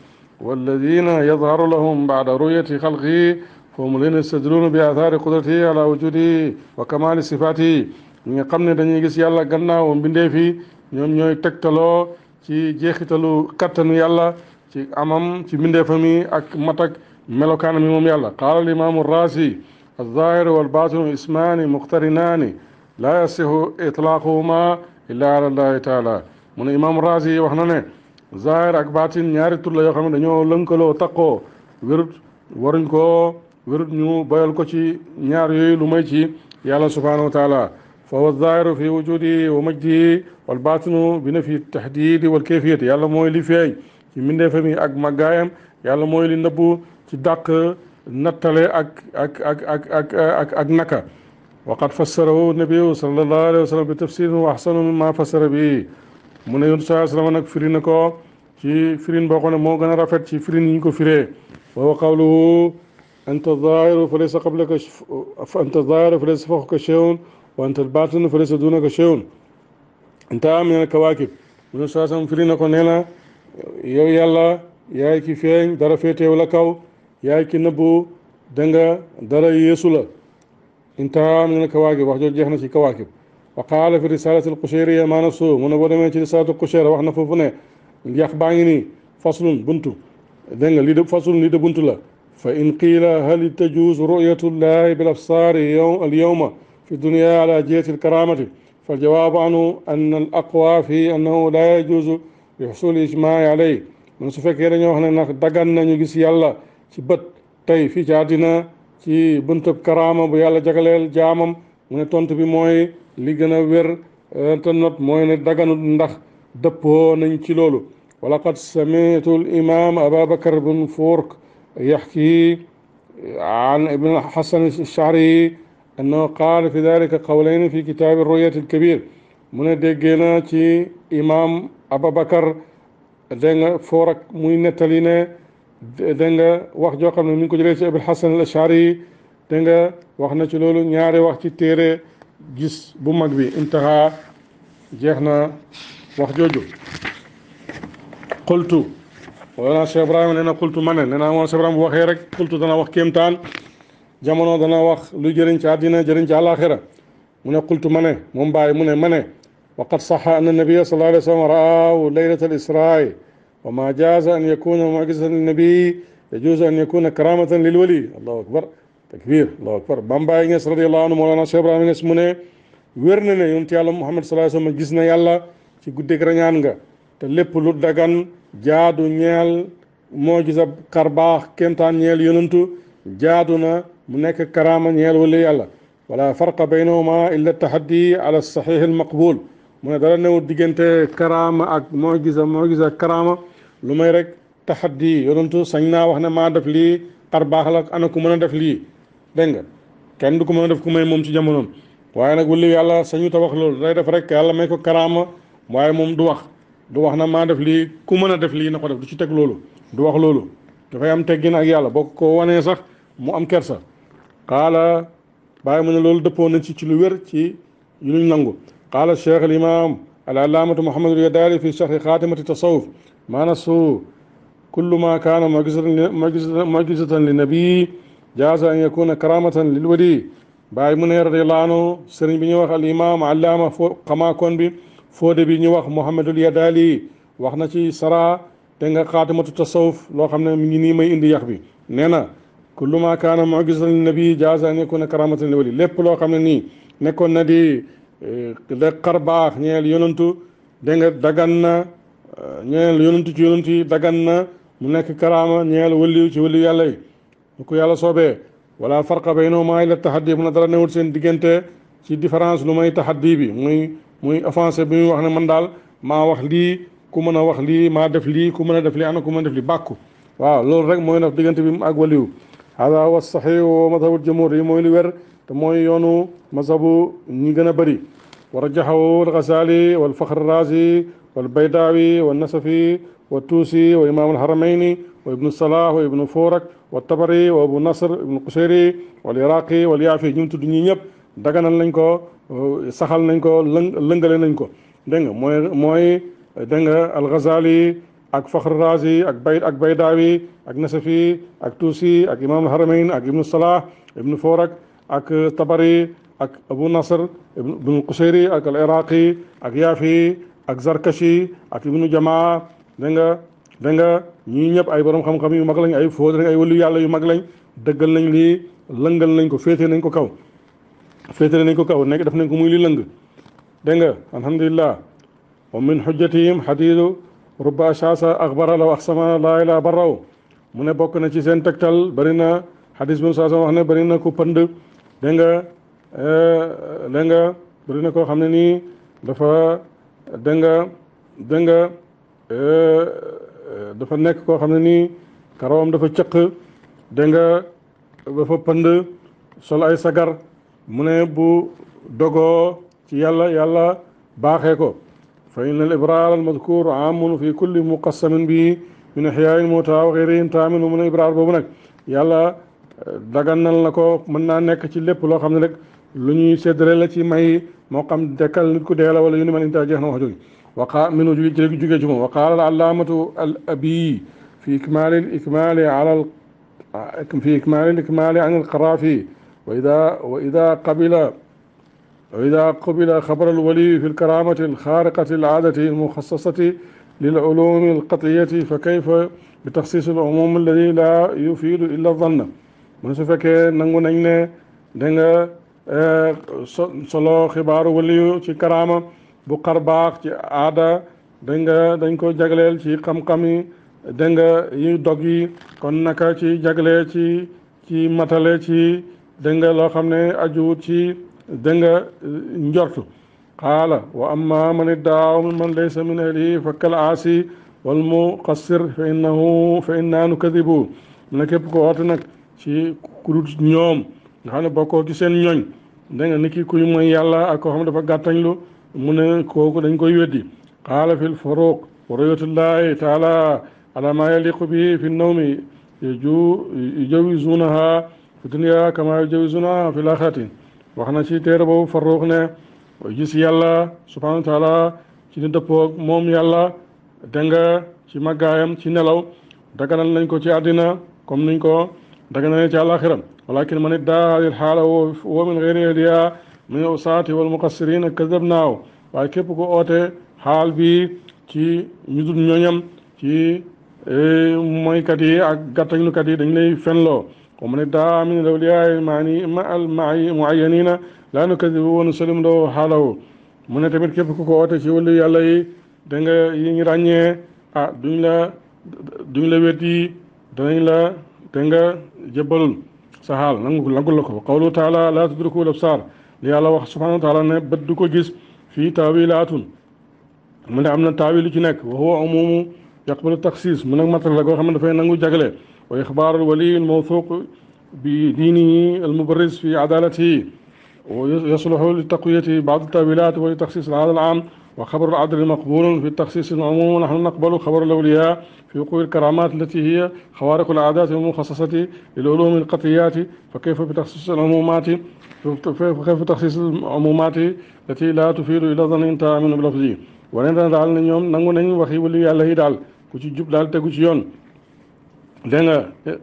والذين يظهر لهم بعد رؤية خلقه فهم الذين يستدلون بآثار قدرته على وجوده وكمال صفاته ñi nga xam ne dañuy gis yàlla gannaaw mbindee fi ñoom ñooy tegtaloo ci jeexitalu kattanu yàlla ci amam ci mbindeefam yi ak matak melokaanam yi moom yàlla qaala al imaamu raasi الظاهر والباطن اسمان مقترنان لا يصح اطلاقهما الا على الله تعالى من امام رازي وحنا zahir ak baatin ñaari tur la yoo xam ne dañoo lënkaloo taqoo wérut waruñ koo wérut ñu boyal ko ci ñaar yooyu lu may ci yàlla subhanahu wa taala fa huwa zahiru fi wujudi wa majdihi wal baatinu bi nafi tahdidi wal kayfiyati yàlla mooy li feeñ ci mbindeefam yi ak màggaayam yàlla mooy li nëbbu ci dàq nattale ak ak ak ak ak ak naka waqad fassarahu nabiyu sallallahu alayhi wa sallam bi tafsirin wa ahsanu mimma fassara bi mu ne yoon saa sallam nag firi na ko ci firin boo xam ne moo gën a rafet ci firin yi ñu ko firee wa qawluhu anta zaahiru fa laysa qablaka anta zaahiru fa laysa fawqaka shay'un wa anta al-baatinu fa laysa dunaka shay'un anta min al kawakib mu ne saa sam ko nee na yow yàlla yaay ki feeñ dara féeteew wala kaw yaay ki nëbbu da nga dara yeesu la intaha min al kawakib wax jox jeex na ci kawakib wa qaala fi risalati al-qushayriya ma nafsu mu ne boo demee ci risalatu al-qushayra wax na foofu ne الياخ baa فصل بنتو faslun buntu dégg nga lii de faslun lii de buntu la fa in qiila hal tajus ru'yatullahi bil absaari al karamati فالجواب عنه أن الأقوى في أنه لا يجوز بحصول إجماع عليه من سفكر نيو خنا ناك دغان نانيو غيس يالا سي بت تاي في جادينا سي بنت كرامه بو يالا جاغلال جامم من تونت بي موي لي غنا وير تنوت موي نه دغانو ndax deppo ولقد سمعت الإمام أبا بكر بن فورك يحكي عن ابن الحسن الشعري أنه قال في ذلك قولين في كتاب الرؤية الكبير من دجنا إمام أبا بكر دنگا فورك موي نتالينا دنگا واخ جو خامن نين كو ابن سي ابو الحسن الاشعري دنگا واخنا سي لولو ñaari wax ci téré gis bu mag bi intaha jeexna wax قلت وانا سي ابراهيم انا قلت من انا هو سي ابراهيم واخي رك قلت دانا واخ كيمتان جامونو دانا واخ لو جيرن تي ادينا جيرن تي الاخره من قلت من من باي من من وقد صح ان النبي صلى الله عليه وسلم راى ليله الاسراء وما جاز ان يكون معجزه للنبي يجوز ان يكون كرامه للولي الله اكبر تكبير الله اكبر بامباي نس رضي الله عنه مولانا شيخ ابراهيم نس مونه ويرنا يونتي الله محمد صلى الله عليه وسلم جسنا يالا في غودي غرانانغا تا ليب لو دغان jaadu ñeel moo gisa xar baax kémtaan ñeel yonantu jaadu na mu nekk karaama ñeel wala yàlla wala farqa baynahuma illa tahaddi ala saxiix al maqbul mu ne dara newul diggante karaama ak moo gisa moo gisa karaama lu may rek taxaddi yonantu sañ naa wax ne maa def lii xar baax la ana ku mën a def lii dégg nga kenn du ko mën a def ku may moom ci jamonoom waaye nag wulli yàlla sañu ta wax loolu day def rek yàlla may ko karaama waaye moom du wax du wax na maa def lii ku mën def lii na ko def du ci teg loolu du wax loolu dafay am teggin ak yàlla boo ko wane sax mu am kersa qaala bàyyi mu ne loolu dëppoo na ci ci lu wér ci luñ nangu qaala cheikh al imam al allaamatu muhammadul yadaali fi sharhi xaatimati tasawuf maanasu kullu ma kaana mojisatan li nabii jaasa an yakuna karamatan lil wadi bàyyi mu ne radiallahu anhu sëriñ bi ñuy wax al imam allaama fo xamaakoon bi foode bi ñu wax Muhammadul Yadaali wax na ci sara te nga xaatimatu tasawuf loo xam ne mi ngi nii may indi yax bi nee na kullu ma kaana mu'jizatan li nabi jaaza an yakuna karamatan li wali lépp loo xam ne nii nekkoon na di de eh, xar baax ñeel yonantu da nga dagan na eh, ñeel yonantu ci yonantu yi dagan na mu nekk karaama ñeel wëliw ci wëliw yàlla yi lu ko yàlla soobee wala farqa baynahuma illa tahaddi mun a dara newul seen diggante ci différence lu may tahaddi bi muy muy offensé bi muy wax ne man daal maa wax li ku mën a wax lii maa def lii ku mën a def lii ana ku mën a def lii bàkku waaw loolu rek mooy naf diggante bi mu ak waliyu hada wa saxiix wa mazhabul jumhur yi mooy lu wér te mooy yoonu mazhabu ñi gën a bëri wa wal faxr razi wal baydaawi wa nasafi wa tuusi wa imaamu alxaramayni wa ibnu salah wa ibnu furak wa tabari wa abu nasr ibnu qusayri wal iraqi wal yaafi ñum tudd ñi ñëpp daganal nañ ko Euh, saxal nañ ko lëng lëngale nañ ko dégg nga mooy mooy dégg nga alxazali ak faxru razi ak bay ak baydaawi ak nasafi ak tuusi ak imam haramain ak ibnu salah ibnu forak ak tabari ak abu nasr ibnu kuseyri ak al iraqi ak yaafi ak zarkashi ak ibnu jamaa dégg nga ñii ñëpp ay borom xam-xam yu mag lañ ay fóot ay wëlu yàlla yu mag lañ dëggal nañ lii lëngal nañ ko féete nañ ko kaw féetale nañ ko kaw nekk daf nañ ko muy li lëng dégg nga alhamdulilah wa min xujjatihim xadiidu ruba shasa axbara law axsama laa ilaa barraw mu ne bokk na ci seen tegtal bari na xadis bi saa wax ne bari na ku pënd dégg nga eh, dégg koo xam ne nii dafa dégg nga eh, dafa nekk koo xam ne nii karawam dafa cëq dégg nga dafa pënd sol ay sagar mu ne bu dogoo ci yàlla yàlla baaxee ko fa inna al ibrar al madkur amun fi kulli muqassamin bi min xiyaayil mawta wa xeyrihim taamin mu ne ibraar boobu nag yàlla eh, daganal na ko mën naa nekk ci lépp loo xam ne rek lu ñuy séddale la ci may moo xam dekkal nit ku dee la wala yu ni mel intaa jeex na wax jóge waqa minu jël jógee ci moom wa qaala al allaamatu al abiy fi ikmaali ikmaali ala fi ikmaali ikmaali an al qaraafi وإذا وإذا قبل وإذا قبل خبر الولي في الكرامة الخارقة العادة المخصصة للعلوم القطعية فكيف بتخصيص العموم الذي لا يفيد إلا الظن من سفك ننغو نجنة دنغ solo xibaaru waliyu في karaama bu باق baax ci aada da nga في ko jagleel ci xam-xami da nga في dog yi kon dégg nga loo xam ne ajuwut ci dégg nga eh, njortu qaala wa amma man iddaaw man laysa min ahlihi fa kal aasi wal muqassir fa innahu fa innaa nukadibu mu ne képp ko woote nag ci kudut ñoom nga xam ne bokkoo ci seen ñooñ dégg nga ki kuy mooy yàlla ak koo xam ne dafa gàttañlu mu ne kooku dañ koy weddi qaala fi lfuruq wa ruyatullahi taala ala ma yaliqu bihi fi nnawmi ju jawizunaha fi dunya kama yujawizuna fi laaxirati wax na ci téere boobu farruux ne gis yàlla subhanahu wa taala ci di dëppoog moom yàlla dégg nga ci màggaayam ci nelaw daganal nañ ko ci àddina comme nuñ ko daganale ci àlaxiram walakin man iddaa hadil xaala wa min xeyri hadiya min usaati wal muqassirin kadab naaw waaye képp ko oote xaal bi ci ñu dul ñooñam ci eh, moykat yi ak gàttañlukat yi dañ lay fenloo ومن ادعى من الاولياء المعني مع المعي معينين لا نكذب ونسلم له حاله من تمر كيف كو كو ولي يالا يي دنگ راني ا آه، دون ويتي دنگ لا جبل سحال نغو لغو لكو تعالى لا تدركوا الابصار لي الله وخ سبحانه وتعالى ن كو جيس في تاويلات من امنا تاويل تي نك وهو عموم يقبل التخصيص من المطر matal la goo نغو ne وإخبار الولي الموثوق بدينه المبرز في عدالته ويصلح لتقوية بعض التأويلات ولتخصيص هذا العام وخبر العدل مقبول في التخصيص العموم ونحن نقبل خبر الأولياء في وقوع الكرامات التي هي خوارق العادات المخصصة للعلوم القطعيات فكيف بتخصيص العمومات فكيف بتخصيص العمومات التي لا تفيد إلى ظن تامن بلفظي ولن دال اليوم نقول ناني وخي ولي الله دال ku ci jub daal tegu ci yoon dégg nga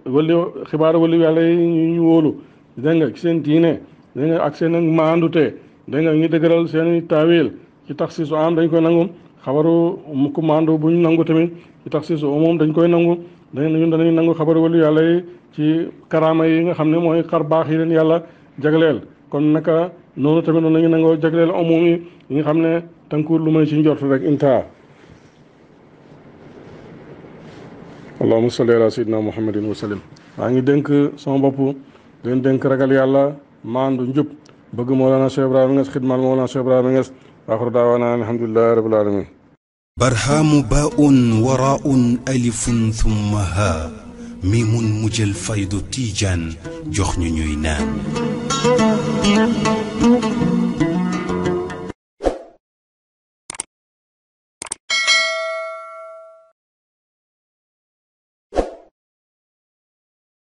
wali xibaar wali yàlla yi ñu wóolu dégg nga seen diine dégg nga ak seen ak maandute dégg nga ñu dëgëral seen i taawil ci tax si su am dañ koy nangu xabaru ku maandu bu ñu nangu tamit ci tax si su moom dañ koy nangu dañ ñun danañ nangu xabaru wali yàlla yi ci karaama yi nga xam ne mooy xar baax yi leen yàlla jagleel kon naka noonu tamit noonu nañu nangoo jagleel omum yi yi nga xam ne tànkuwul lu may ci njort rek intaa allahumma salli ala sayyidina muhammadin wa sallim maa ngi dénk sama bopp leen dénk ragal yàlla maandu njub bëgg Mawlana Cheikh Ibrahima Niass xidmaal Mawlana Cheikh Ibrahima Niass aaxiru daawaanaa alhamdulillahi rabbil aalamiin barhaamu baa'un waraa'un alifun thumma haa miimun mujjal faydu tiijaan jox ñu ñuy naan